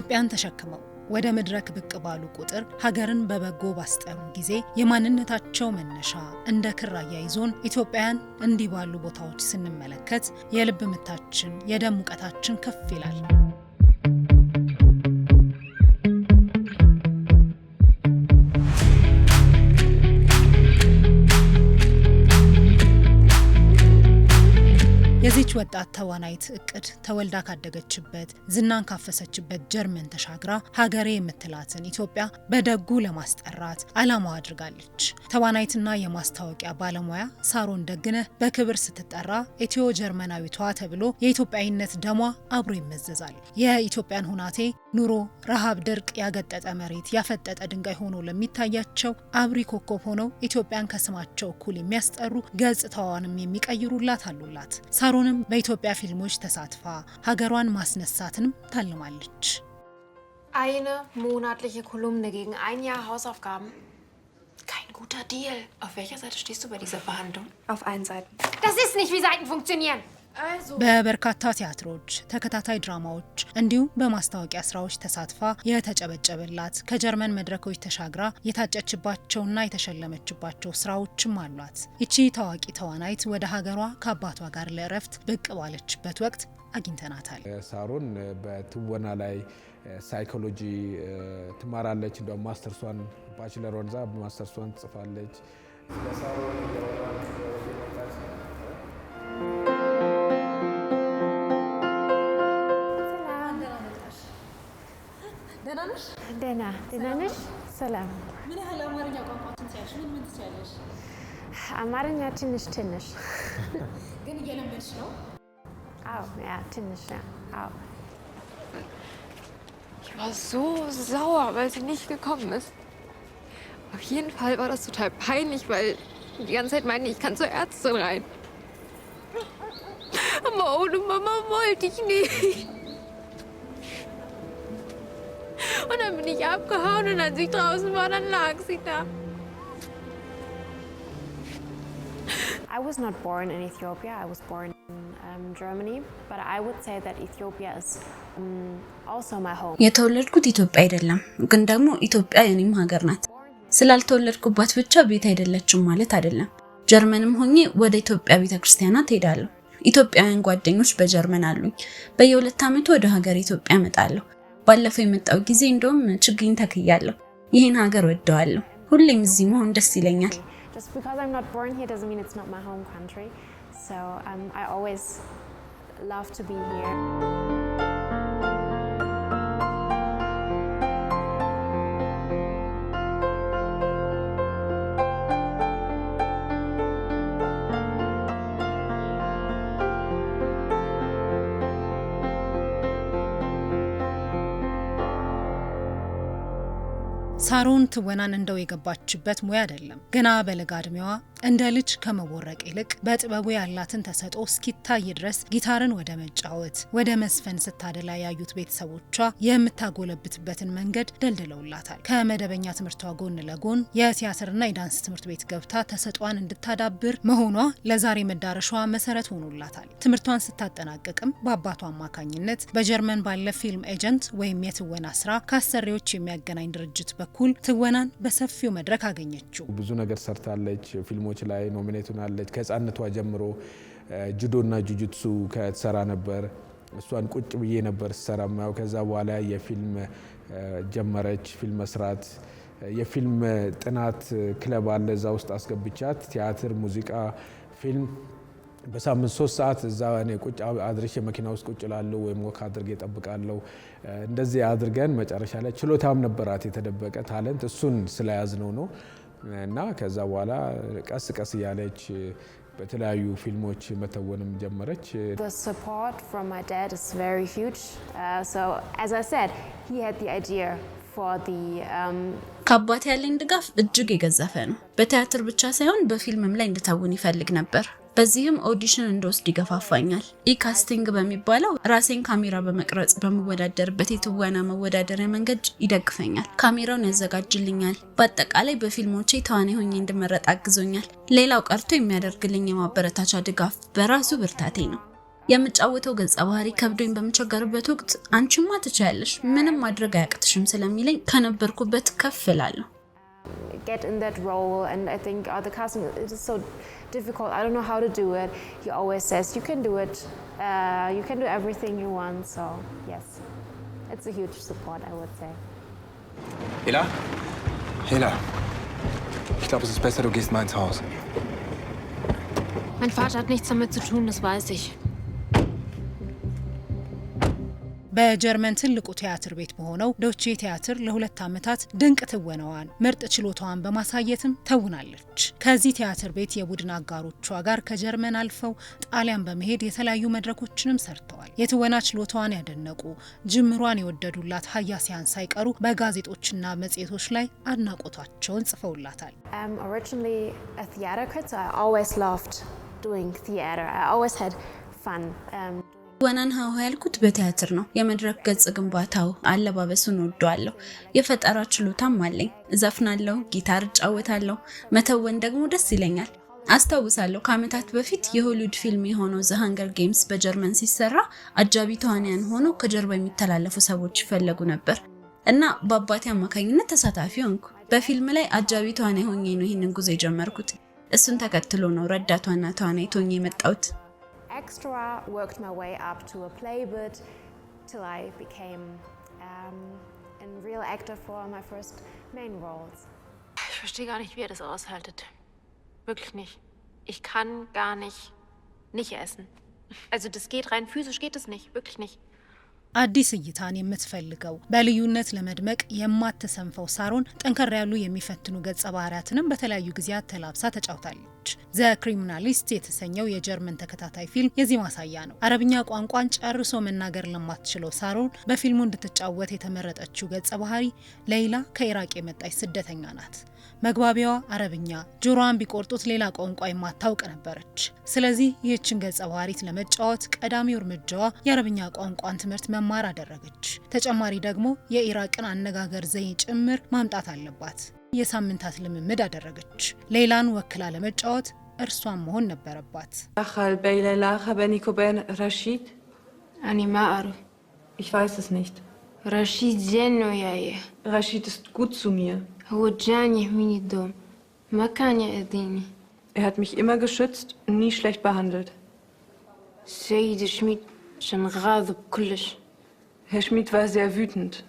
ኢትዮጵያን ተሸክመው ወደ መድረክ ብቅ ባሉ ቁጥር ሀገርን በበጎ ባስጠሩ ጊዜ የማንነታቸው መነሻ እንደ ክር አያይዞን ኢትዮጵያን እንዲህ ባሉ ቦታዎች ስንመለከት የልብ ምታችን፣ የደም ሙቀታችን ከፍ ይላል። የዚች ወጣት ተዋናይት እቅድ ተወልዳ ካደገችበት ዝናን ካፈሰችበት ጀርመን ተሻግራ ሀገሬ የምትላትን ኢትዮጵያ በደጉ ለማስጠራት ዓላማዋ አድርጋለች። ተዋናይትና የማስታወቂያ ባለሙያ ሳሮን ደግነ በክብር ስትጠራ ኢትዮ ጀርመናዊቷ ተብሎ የኢትዮጵያዊነት ደሟ አብሮ ይመዘዛል። የኢትዮጵያን ሁናቴ ኑሮ፣ ረሃብ፣ ድርቅ ያገጠጠ መሬት፣ ያፈጠጠ ድንጋይ ሆኖ ለሚታያቸው አብሪ ኮከብ ሆነው ኢትዮጵያን ከስማቸው እኩል የሚያስጠሩ ገጽታዋንም የሚቀይሩላት አሉላት አሁንም በኢትዮጵያ ፊልሞች ተሳትፋ ሀገሯን ማስነሳትንም ታልማለች። Eine monatliche Kolumne gegen ein Jahr Hausaufgaben. Kein guter Deal. Auf welcher Seite stehst du bei dieser Verhandlung? Auf allen Seiten. Das ist nicht, wie Seiten funktionieren. በበርካታ ቲያትሮች፣ ተከታታይ ድራማዎች እንዲሁም በማስታወቂያ ስራዎች ተሳትፋ የተጨበጨበላት ከጀርመን መድረኮች ተሻግራ የታጨችባቸውና የተሸለመችባቸው ስራዎችም አሏት። ይቺ ታዋቂ ተዋናይት ወደ ሀገሯ ከአባቷ ጋር ለእረፍት ብቅ ባለችበት ወቅት አግኝተናታል። ሳሮን በትወና ላይ ሳይኮሎጂ ትማራለች። እንዲያውም ማስተርሷን ባችለር ማስተርሷን ትጽፋለች። ነሽ? ደህና ደህና ነሽ? ሰላም። ምን ያህል አማርኛ ቋንቋችን ትችያለሽ? ምን ምን ትችያለሽ? አማርኛ ትንሽ ትንሽ፣ ግን እየለመድሽ ነው? አዎ፣ ያ ትንሽ። አዎ። Ich war so sauer, weil sie nicht gekommen ist. Auf jeden Fall war das total peinlich, weil die ganze Zeit meinte, ich kann zur Ärztin rein. Aber ohne Mama wollte ich nicht. und dann bin ich abgehauen und als ich draußen war, dann lag sie da. I was not born in Ethiopia, I was born in um, Germany, but I would say that Ethiopia is um, also my home. የተወለድኩት ኢትዮጵያ አይደለም፣ ግን ደግሞ ኢትዮጵያ የኔም ሀገር ናት። ስላልተወለድኩባት ብቻ ቤት አይደለችም ማለት አይደለም። ጀርመንም ሆኜ ወደ ኢትዮጵያ ቤተክርስቲያናት ሄዳለሁ። ኢትዮጵያውያን ጓደኞች በጀርመን አሉኝ። በየሁለት ዓመቱ ወደ ሀገር ኢትዮጵያ እመጣለሁ። ባለፈው የመጣው ጊዜ እንደውም ችግኝ ተክያለሁ። ይህን ሀገር ወደዋለሁ። ሁሌም እዚህ መሆን ደስ ይለኛል። um, love to be here. ሳሮን ትወናን እንደው የገባችበት ሙያ አይደለም። ገና በለጋ እድሜዋ እንደ ልጅ ከመወረቅ ይልቅ በጥበቡ ያላትን ተሰጦ እስኪታይ ድረስ ጊታርን ወደ መጫወት ወደ መስፈን ስታደላ ያዩት ቤተሰቦቿ የምታጎለብትበትን መንገድ ደልድለውላታል። ከመደበኛ ትምህርቷ ጎን ለጎን የቲያትርና የዳንስ ትምህርት ቤት ገብታ ተሰጧን እንድታዳብር መሆኗ ለዛሬ መዳረሻዋ መሰረት ሆኖላታል። ትምህርቷን ስታጠናቀቅም በአባቷ አማካኝነት በጀርመን ባለ ፊልም ኤጀንት ወይም የትወና ስራ ከአሰሪዎች የሚያገናኝ ድርጅት በኩል ትወናን በሰፊው መድረክ አገኘችው። ብዙ ነገር ሰርታለች። ፊልሞች ላይ ኖሚኔት ሆናለች። ከህፃነቷ ጀምሮ ጁዶና ጁጁትሱ ከትሰራ ነበር። እሷን ቁጭ ብዬ ነበር ስሰራ ማየው። ከዛ በኋላ የፊልም ጀመረች ፊልም መስራት የፊልም ጥናት ክለብ አለ። እዛ ውስጥ አስገብቻት ቲያትር፣ ሙዚቃ፣ ፊልም በሳምንት ሶስት ሰዓት እዛ እኔ ቁጭ አድርሼ መኪና ውስጥ ቁጭ ላለሁ ወይም ወክ አድርጌ እጠብቃለሁ። እንደዚህ አድርገን መጨረሻ ላይ ችሎታም ነበራት የተደበቀ ታለንት፣ እሱን ስለያዝነው ነው እና ከዛ በኋላ ቀስ ቀስ እያለች በተለያዩ ፊልሞች መተወንም ጀመረች። uh, um, ከአባት ያለኝ ድጋፍ እጅግ የገዘፈ ነው። በቲያትር ብቻ ሳይሆን በፊልምም ላይ እንድተውን ይፈልግ ነበር። በዚህም ኦዲሽን እንደወስድ ይገፋፋኛል። ኢካስቲንግ በሚባለው ራሴን ካሜራ በመቅረጽ በምወዳደርበት የትወና መወዳደሪያ መንገድ ይደግፈኛል። ካሜራውን ያዘጋጅልኛል። በአጠቃላይ በፊልሞቼ ተዋናይ ሆኜ እንድመረጥ አግዞኛል። ሌላው ቀርቶ የሚያደርግልኝ የማበረታቻ ድጋፍ በራሱ ብርታቴ ነው። የምጫወተው ገጸ ባህሪ ከብዶኝ በምቸገርበት ወቅት አንቺማ ትችያለሽ፣ ምንም ማድረግ አያቅትሽም ስለሚለኝ ከነበርኩበት ከፍ እላለሁ። get in that role and i think oh, the casting it is so difficult i don't know how to do it he always says you can do it uh, you can do everything you want so yes it's a huge support i would say hela hela ich glaube es ist besser du gehst mal ins haus mein vater hat nichts damit zu tun das weiß ich በጀርመን ትልቁ ቲያትር ቤት በሆነው ዶቼ ቲያትር ለሁለት ዓመታት ድንቅ ትወናዋን ምርጥ ችሎታዋን በማሳየትም ተውናለች። ከዚህ ቲያትር ቤት የቡድን አጋሮቿ ጋር ከጀርመን አልፈው ጣሊያን በመሄድ የተለያዩ መድረኮችንም ሰርተዋል። የትወና ችሎታዋን ያደነቁ ጅምሯን የወደዱላት ሀያሲያን ሳይቀሩ በጋዜጦችና መጽሔቶች ላይ አድናቆታቸውን ጽፈውላታል። ወናን ሀው ያልኩት በቲያትር ነው። የመድረክ ገጽ ግንባታው፣ አለባበሱን ወዷለሁ። የፈጠራ ችሎታም አለኝ። እዘፍናለሁ፣ ጊታር እጫወታለሁ። መተወን ደግሞ ደስ ይለኛል። አስታውሳለሁ ከዓመታት በፊት የሆሊውድ ፊልም የሆነው ዘ ሃንገር ጌምስ በጀርመን ሲሰራ አጃቢ ተዋንያን ሆኖ ከጀርባ የሚተላለፉ ሰዎች ይፈለጉ ነበር እና በአባቴ አማካኝነት ተሳታፊ ሆንኩ። በፊልም ላይ አጃቢ ተዋናይ ሆኜ ነው ይህንን ጉዞ የጀመርኩት። እሱን ተከትሎ ነው ረዳቷና ዋና ተዋናይት የመጣሁት። extra, worked my way up to a play bit till I became um, in real actor for my first main roles. Ich verstehe gar nicht, wie ihr das aushaltet. Wirklich nicht. Ich kann gar nicht nicht essen. Also das geht rein physisch geht es nicht, wirklich nicht. አዲስ እይታን የምትፈልገው በልዩነት ለመድመቅ የማትሰንፈው ሳሮን ጠንከር ያሉ የሚፈትኑ ገጸ ባህሪያትንም በተለያዩ ጊዜያት ተላብሳ ተጫውታለች። ዘ ክሪሚናሊስት የተሰኘው የጀርመን ተከታታይ ፊልም የዚህ ማሳያ ነው። አረብኛ ቋንቋን ጨርሶ መናገር ለማትችለው ሳሮን በፊልሙ እንድትጫወት የተመረጠችው ገጸ ባህሪ ሌይላ ከኢራቅ የመጣች ስደተኛ ናት። መግባቢያዋ አረብኛ፣ ጆሮዋን ቢቆርጡት ሌላ ቋንቋ የማታውቅ ነበረች። ስለዚህ ይህችን ገጸ ባህሪት ለመጫወት ቀዳሚው እርምጃዋ የአረብኛ ቋንቋን ትምህርት መማር አደረገች። ተጨማሪ ደግሞ የኢራቅን አነጋገር ዘይ ጭምር ማምጣት አለባት። የሳምንታት ልምምድ አደረገች። ሌላን ወክላ ለመጫወት እርሷን መሆን ነበረባት። ረሺድ هو جاني من الدوم ما كان يأذيني Er hat mich immer geschützt nie schlecht behandelt. سيد شميد كان غاضب Herr Schmid war sehr wütend.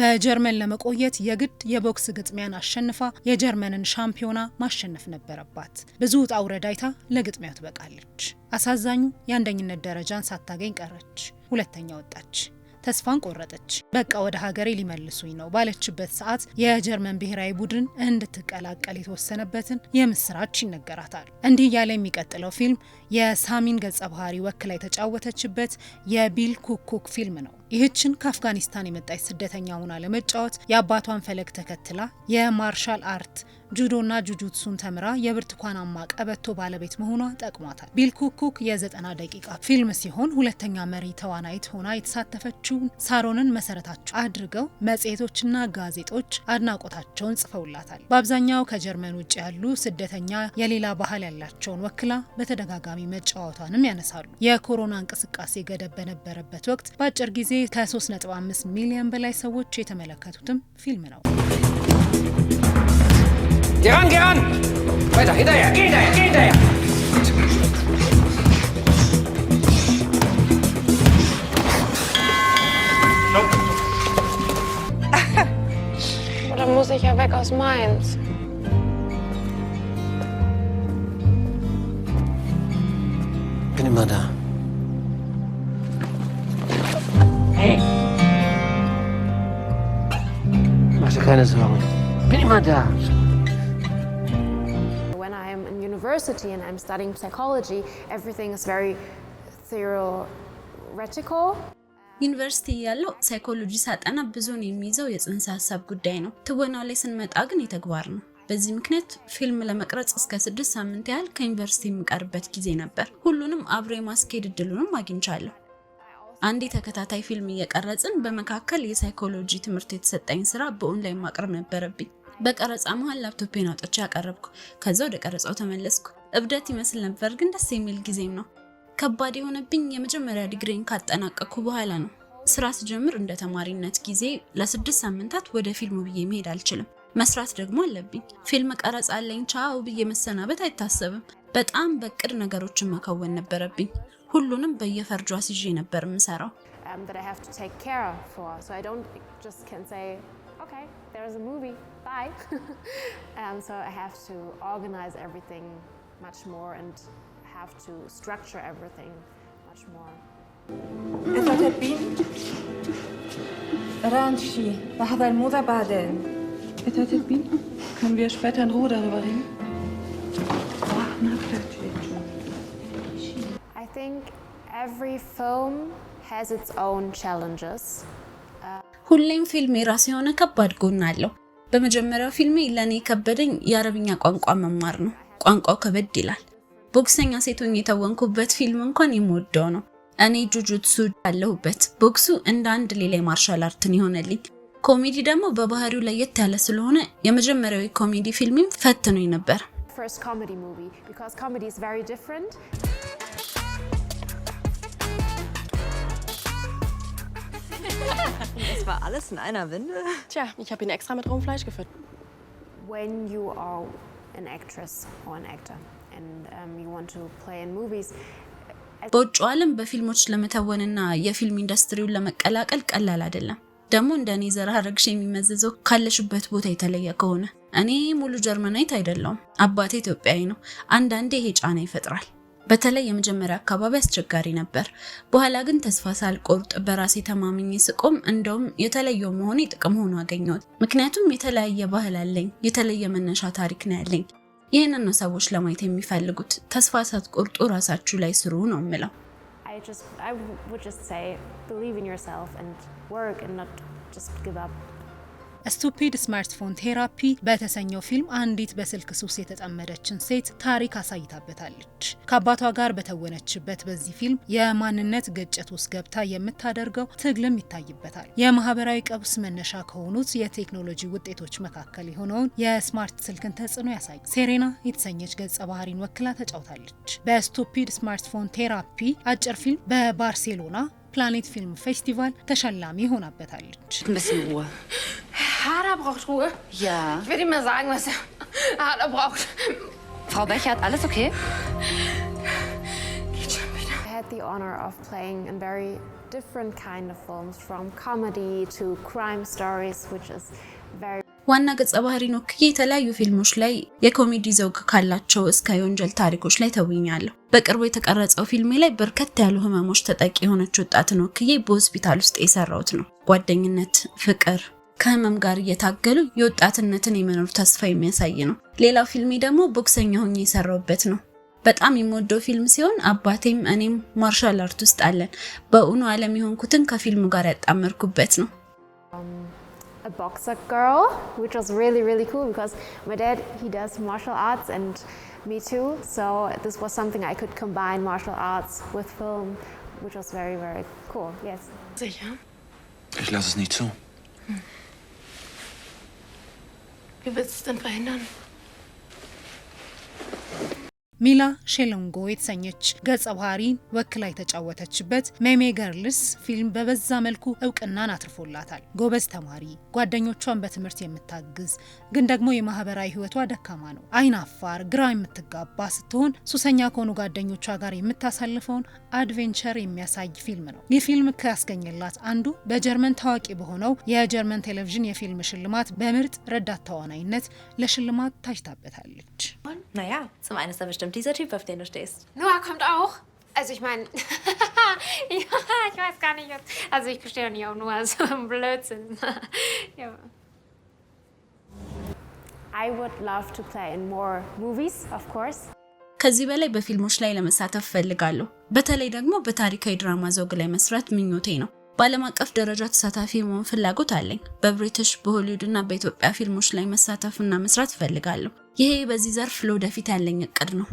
በጀርመን ለመቆየት የግድ የቦክስ ግጥሚያን አሸንፋ የጀርመንን ሻምፒዮና ማሸነፍ ነበረባት። ብዙ ውጣ ውረድ አይታ ለግጥሚያው ትበቃለች። አሳዛኙ የአንደኝነት ደረጃን ሳታገኝ ቀረች፣ ሁለተኛ ወጣች። ተስፋን ቆረጠች። በቃ ወደ ሀገሬ ሊመልሱኝ ነው ባለችበት ሰዓት የጀርመን ብሔራዊ ቡድን እንድትቀላቀል የተወሰነበትን የምስራች ይነገራታል። እንዲህ እያለ የሚቀጥለው ፊልም የሳሚን ገጸ ባህሪ ወክላ የተጫወተችበት የቢል ኩኩክ ፊልም ነው። ይህችን ከአፍጋኒስታን የመጣች ስደተኛ ሆና ለመጫወት የአባቷን ፈለግ ተከትላ የማርሻል አርት ጁዶና ጁጁትሱን ተምራ የብርቱካናማ ቀበቶ ባለቤት መሆኗ ጠቅሟታል። ቢልኩኩክ የዘጠና ደቂቃ ፊልም ሲሆን ሁለተኛ መሪ ተዋናይት ሆና የተሳተፈችውን ሳሮንን መሰረታቸው አድርገው መጽሔቶችና ጋዜጦች አድናቆታቸውን ጽፈውላታል። በአብዛኛው ከጀርመን ውጭ ያሉ ስደተኛ የሌላ ባህል ያላቸውን ወክላ በተደጋጋሚ መጫወቷንም ያነሳሉ። የኮሮና እንቅስቃሴ ገደብ በነበረበት ወቅት በአጭር ጊዜ ከ3.5 ሚሊዮን በላይ ሰዎች የተመለከቱትም ፊልም ነው። Geh ran, geh ran! Weiter, hinterher, geh hinterher, geh hinterher! Oder muss ich ja weg aus Mainz. Bin immer da. Hey! Mach dir keine Sorgen. Bin immer da. university and I'm studying psychology, everything is very theoretical. ዩኒቨርሲቲ ያለው ሳይኮሎጂ ሳጠና ብዙን የሚይዘው የጽንሰ ሀሳብ ጉዳይ ነው። ትወናው ላይ ስንመጣ ግን የተግባር ነው። በዚህ ምክንያት ፊልም ለመቅረጽ እስከ ስድስት ሳምንት ያህል ከዩኒቨርሲቲ የምቀርበት ጊዜ ነበር። ሁሉንም አብሮ የማስኬድ እድሉንም አግኝቻለሁ። አንድ ተከታታይ ፊልም እየቀረጽን በመካከል የሳይኮሎጂ ትምህርት የተሰጠኝ ስራ በኦንላይን ማቅረብ ነበረብኝ። በቀረጻ መሀል ላፕቶፔን አውጥቼ ያቀረብኩ። ከዛ ወደ ቀረጻው ተመለስኩ። እብደት ይመስል ነበር፣ ግን ደስ የሚል ጊዜም ነው። ከባድ የሆነብኝ የመጀመሪያ ዲግሪን ካጠናቀቅኩ በኋላ ነው። ስራ ስጀምር እንደ ተማሪነት ጊዜ ለስድስት ሳምንታት ወደ ፊልሙ ብዬ መሄድ አልችልም። መስራት ደግሞ አለብኝ። ፊልም ቀረጻ አለኝ ቻው ብዬ መሰናበት አይታሰብም። በጣም በቅድ ነገሮችን መከወን ነበረብኝ። ሁሉንም በየፈርጇ ሲዤ ነበር የምሰራው። um, okay, there's a movie, bye. and so I have to organize everything much more and have to structure everything much more. If that been Ranchi, لحظة الموضة بعدين. If that had been, können wir später in Ruhe darüber reden? I think every film has its own challenges. ሁሌም ፊልም የራሱ የሆነ ከባድ ጎን አለው። በመጀመሪያው ፊልሜ ለእኔ የከበደኝ የአረብኛ ቋንቋ መማር ነው። ቋንቋው ከበድ ይላል። ቦክሰኛ ሴቶኝ የተወንኩበት ፊልም እንኳን የምወደው ነው። እኔ ጁጁትሱ ያለሁበት ቦክሱ እንደ አንድ ሌላ የማርሻል አርትን የሆነልኝ። ኮሜዲ ደግሞ በባህሪው ለየት ያለ ስለሆነ የመጀመሪያው ኮሜዲ ፊልሜም ፈትኖኝ ነበር። aber alles in einer Windel? Tja, ich habe ihn extra mit rohem Fleisch gefüttert. When you are an actress or an actor and um, you want to play in movies, በውጭው ዓለም በፊልሞች ለመተወንና የፊልም ኢንዱስትሪውን ለመቀላቀል ቀላል አይደለም። ደግሞ እንደ እኔ ዘር ሐረግሽ የሚመዘዘው ካለሽበት ቦታ የተለየ ከሆነ። እኔ ሙሉ ጀርመናዊት አይደለውም፣ አባቴ ኢትዮጵያዊ ነው። አንዳንዴ ይሄ ጫና ይፈጥራል። በተለይ የመጀመሪያ አካባቢ አስቸጋሪ ነበር። በኋላ ግን ተስፋ ሳልቆርጥ በራሴ ተማምኜ ስቆም እንደውም የተለየው መሆኔ ጥቅም ሆኖ አገኘሁት። ምክንያቱም የተለያየ ባህል አለኝ፣ የተለየ መነሻ ታሪክ ነው ያለኝ። ይህንን ነው ሰዎች ለማየት የሚፈልጉት። ተስፋ ሳትቆርጡ ራሳችሁ ላይ ስሩ ነው የምለው። I would just say believe in yourself and work and not just give up. ስቱፒድ ስማርትፎን ቴራፒ በተሰኘው ፊልም አንዲት በስልክ ሱስ የተጠመደችን ሴት ታሪክ አሳይታበታለች። ከአባቷ ጋር በተወነችበት በዚህ ፊልም የማንነት ግጭት ውስጥ ገብታ የምታደርገው ትግልም ይታይበታል። የማህበራዊ ቀውስ መነሻ ከሆኑት የቴክኖሎጂ ውጤቶች መካከል የሆነውን የስማርት ስልክን ተጽዕኖ ያሳይ ሴሬና የተሰኘች ገጸ ባህሪን ወክላ ተጫውታለች። በስቱፒድ ስማርትፎን ቴራፒ አጭር ፊልም በባርሴሎና ፕላኔት ፊልም ፌስቲቫል ተሸላሚ ሆናበታለች። Hader braucht Ruhe. Ja. Ich werde ihm mal sagen, was er Hader braucht. Frau Bechert, alles okay? Geht schon wieder. I had the honor of playing in very different kind of films, from comedy to crime stories, which is very ዋና ገጸ ባህሪን ወክዬ የተለያዩ ፊልሞች ላይ የኮሜዲ ዘውግ ካላቸው እስከ የወንጀል ታሪኮች ላይ ተውኛለሁ። በቅርቡ የተቀረጸው ፊልሜ ላይ በርከት ያሉ ህመሞች ተጠቂ የሆነች ወጣትን ወክዬ በሆስፒታል ውስጥ የሰራሁት ነው። ጓደኝነት፣ ፍቅር ከህመም ጋር እየታገሉ የወጣትነትን የመኖር ተስፋ የሚያሳይ ነው። ሌላው ፊልሜ ደግሞ ቦክሰኛ ሆኜ የሰራውበት ነው። በጣም የምወደው ፊልም ሲሆን አባቴም እኔም ማርሻል አርት ውስጥ አለን። በእውኑ ዓለም የሆንኩትን ከፊልሙ ጋር ያጣመርኩበት ነው። um, Wie willst du es denn verhindern? ሚላ ሼሎንጎ የተሰኘች ገጸ ባህሪን ወክላ የተጫወተችበት ሜሜ ገርልስ ፊልም በበዛ መልኩ እውቅናን አትርፎላታል። ጎበዝ ተማሪ፣ ጓደኞቿን በትምህርት የምታግዝ ግን ደግሞ የማህበራዊ ህይወቷ ደካማ ነው። አይን አፋር፣ ግራ የምትጋባ ስትሆን ሱሰኛ ከሆኑ ጓደኞቿ ጋር የምታሳልፈውን አድቬንቸር የሚያሳይ ፊልም ነው። ይህ ፊልም ካስገኘላት አንዱ በጀርመን ታዋቂ በሆነው የጀርመን ቴሌቪዥን የፊልም ሽልማት በምርጥ ረዳት ተዋናይነት ለሽልማት ታጭታበታለች። bestimmt dieser Typ, auf den du stehst. Noah kommt auch. Also ich meine, ja, ich weiß gar nicht. Was, Also ich bestehe doch nicht auf Noah, so ein Blödsinn. ja. I would love to play in more movies, of course. ከዚህ በላይ በፊልሞች ላይ ለመሳተፍ ፈልጋለሁ። በተለይ ደግሞ በታሪካዊ ድራማ ዘውግ ላይ መስራት ምኞቴ ነው። በዓለም አቀፍ ደረጃ ተሳታፊ መሆን ፍላጎት አለኝ። በብሪትሽ፣ በሆሊውድ እና በኢትዮጵያ ፊልሞች ላይ መሳተፍና መስራት እፈልጋለሁ። ይሄ በዚህ ዘርፍ ለወደፊት ያለኝ እቅድ ነው።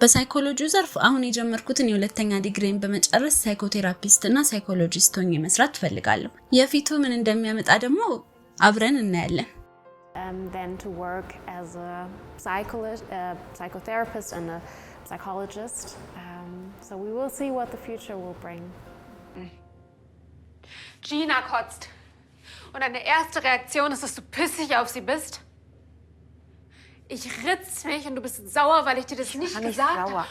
በሳይኮሎጂው ዘርፍ አሁን የጀመርኩትን የሁለተኛ ዲግሪን በመጨረስ ሳይኮቴራፒስት እና ሳይኮሎጂስት ሆኜ መስራት ትፈልጋለሁ። የፊቱ ምን እንደሚያመጣ ደግሞ አብረን እናያለን። um, uh, um, Gina kotzt und deine erste Reaktion ist, dass du pissig auf sie bist. Ich ritz mich und du bist sauer, weil ich dir das ich nicht gesagt habe.